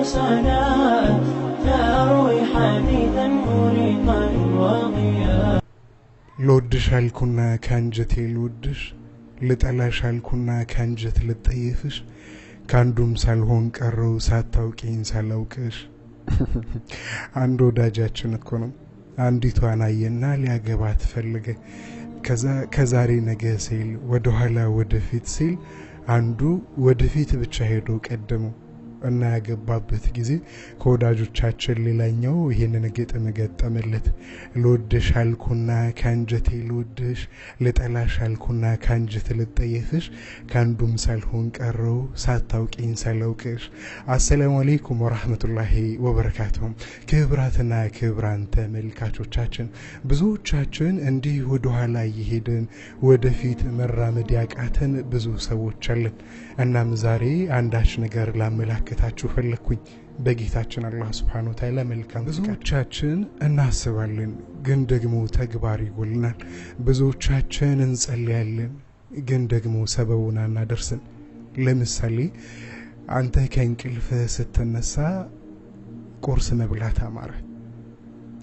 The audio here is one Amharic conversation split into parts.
أوسنا ልወድሽ አልኩና ከአንጀቴ ልወድሽ ልጠላሽ አልኩና ከአንጀት ልጠየፍሽ ከአንዱም ሳልሆን ቀረው ሳታውቂኝ ሳላውቅሽ። አንድ ወዳጃችን እኮ ነው አንዲቷን አየና ሊያገባት ፈለገ። ከዛሬ ነገ ሲል ወደኋላ ወደፊት ሲል አንዱ ወደፊት ብቻ ሄዶ ቀደመው። እና ያገባበት ጊዜ ከወዳጆቻችን ሌላኛው ይህንን ግጥም ገጠመለት። ልወድሽ አልኩና ከአንጀቴ ልወድሽ፣ ልጠላሽ አልኩና ከአንጀት ልጠየፍሽ፣ ከአንዱም ሳልሆን ቀረው ሳታውቂኝ ሳላውቅሽ። አሰላሙ አሌይኩም ወራህመቱላሂ ወበረካቱ። ክብራትና ክብራን ተመልካቾቻችን ብዙዎቻችን እንዲህ ወደኋላ እየሄድን ወደፊት መራመድ ያቃተን ብዙ ሰዎች አለን። እናም ዛሬ አንዳች ነገር ላመላክ ላበረከታችሁ ፈለግኩኝ። በጌታችን አላህ ስብሓን ታላ መልካም ብዙዎቻችን እናስባለን፣ ግን ደግሞ ተግባር ይጎልናል። ብዙዎቻችን እንጸልያለን፣ ግን ደግሞ ሰበቡን አናደርስን። ለምሳሌ አንተ ከእንቅልፍ ስትነሳ ቁርስ መብላት አማረ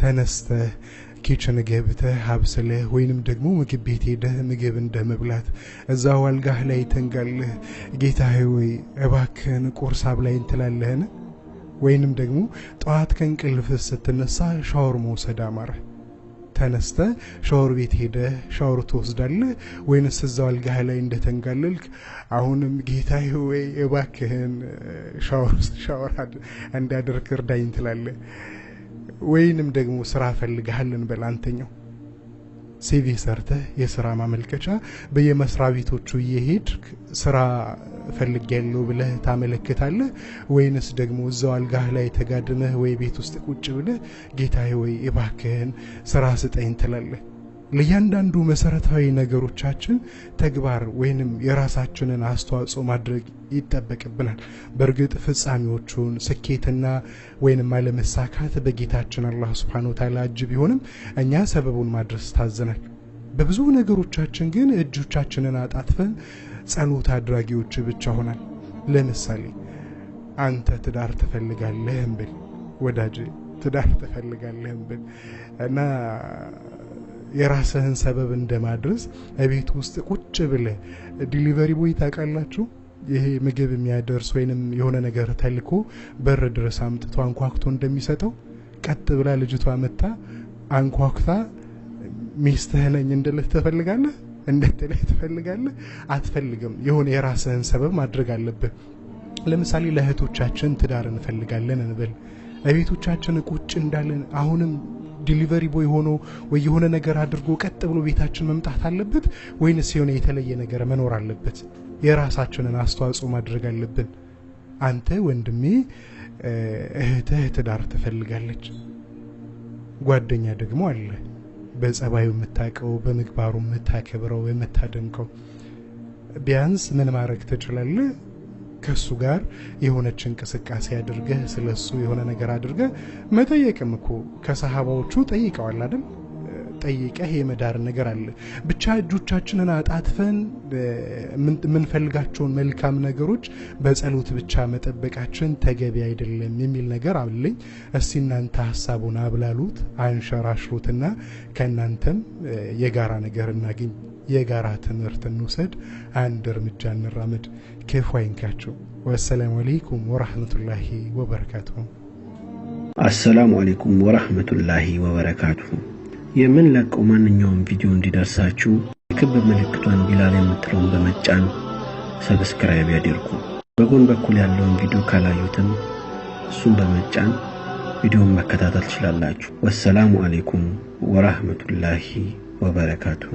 ተነስተህ ኪችን ገብተህ አብስለህ ወይንም ደግሞ ምግብ ቤት ሄደህ ምግብ እንደ መብላት እዛው አልጋህ ላይ ተንጋለህ ጌታዬ ወይ እባክህን ቁርስ ላይ እንትላለህን ወይንም ደግሞ ጠዋት ከእንቅልፍህ ስትነሳ ሻወር መውሰድ አማረህ ተነስተ ሻወር ቤት ሄደ ሻወር ትወስዳለህ ወይንስ እዛው አልጋህ ላይ እንደተንጋለልክ አሁንም ጌታዬ ወይ እባክህን ሻወር እንዳደርግ እርዳኝ ትላለህ? ወይንም ደግሞ ስራ ፈልግሃል በላንተኛው አንተኛው ሲቪ ሰርተህ የስራ ማመልከቻ በየመስሪያ ቤቶቹ እየሄድክ ስራ ፈልጌያለሁ ብለህ ታመለክታለህ፣ ወይንስ ደግሞ እዛው አልጋህ ላይ ተጋድመህ ወይ ቤት ውስጥ ቁጭ ብለህ ጌታዬ ወይ እባክህን ስራ ስጠኝ ትላለህ? ለእያንዳንዱ መሰረታዊ ነገሮቻችን ተግባር ወይንም የራሳችንን አስተዋጽኦ ማድረግ ይጠበቅብናል። በእርግጥ ፍጻሜዎቹን ስኬትና ወይንም አለመሳካት በጌታችን አላ ስብን ታላ እጅ ቢሆንም እኛ ሰበቡን ማድረስ ታዘናል። በብዙ ነገሮቻችን ግን እጆቻችንን አጣጥፈን ጸሎት አድራጊዎች ብቻ ሆናል። ለምሳሌ አንተ ትዳር ትፈልጋለህ ብል ወዳጅ ትዳር ትፈልጋለህ ብል እና የራስህን ሰበብ እንደማድረስ ቤት ውስጥ ቁጭ ብለ ዲሊቨሪ ቦይ ታውቃላችሁ? ይሄ ምግብ የሚያደርስ ወይንም የሆነ ነገር ተልኮ በር ድረስ አምጥቶ አንኳኩቶ እንደሚሰጠው ቀጥ ብላ ልጅቷ መታ አንኳክታ ሚስትህነኝ ነኝ እንድልህ ትፈልጋለህ? እንድትልህ ትፈልጋለህ? አትፈልግም። የሆነ የራስህን ሰበብ ማድረግ አለብህ። ለምሳሌ ለእህቶቻችን ትዳር እንፈልጋለን እንብል እቤቶቻችን ቁጭ እንዳለን አሁንም ዲሊቨሪ ቦይ ሆኖ ወይ የሆነ ነገር አድርጎ ቀጥ ብሎ ቤታችን መምጣት አለበት ወይንስ የሆነ የተለየ ነገር መኖር አለበት? የራሳችንን አስተዋጽኦ ማድረግ አለብን። አንተ ወንድሜ፣ እህትህ ትዳር ትፈልጋለች፣ ጓደኛ ደግሞ አለ በጸባዩ የምታውቀው በምግባሩ የምታከብረው የምታደንቀው ቢያንስ ምን ማድረግ ትችላለህ? ከሱ ጋር የሆነች እንቅስቃሴ አድርገህ ስለሱ የሆነ ነገር አድርገህ መጠየቅም እኮ ከሰሃባዎቹ ጠይቀዋል አይደል? ጠይቀህ የመዳር ነገር አለ። ብቻ እጆቻችንን አጣጥፈን የምንፈልጋቸውን መልካም ነገሮች በጸሎት ብቻ መጠበቃችን ተገቢ አይደለም የሚል ነገር አለኝ። እስቲ እናንተ ሀሳቡን አብላሉት፣ አንሸራሽሩትና ከእናንተም የጋራ ነገር እናገኝ፣ የጋራ ትምህርት እንውሰድ፣ አንድ እርምጃ እንራመድ፣ ኬፉ አይንካቸው። ወሰላሙ አሌይኩም ወራህመቱላሂ ወበረካቱሁ። አሰላሙ አሌይኩም ወራህመቱላሂ ወበረካቱሁ። የምንለቀው ማንኛውም ቪዲዮ እንዲደርሳችሁ የክብ ምልክቷን ቢላል የምትለውን በመጫን ሰብስክራይብ ያድርጉ በጎን በኩል ያለውን ቪዲዮ ካላዩትም እሱን በመጫን ቪዲዮን መከታተል ትችላላችሁ። ወሰላሙ አሌይኩም ወራህመቱላሂ ወበረካቱሁ።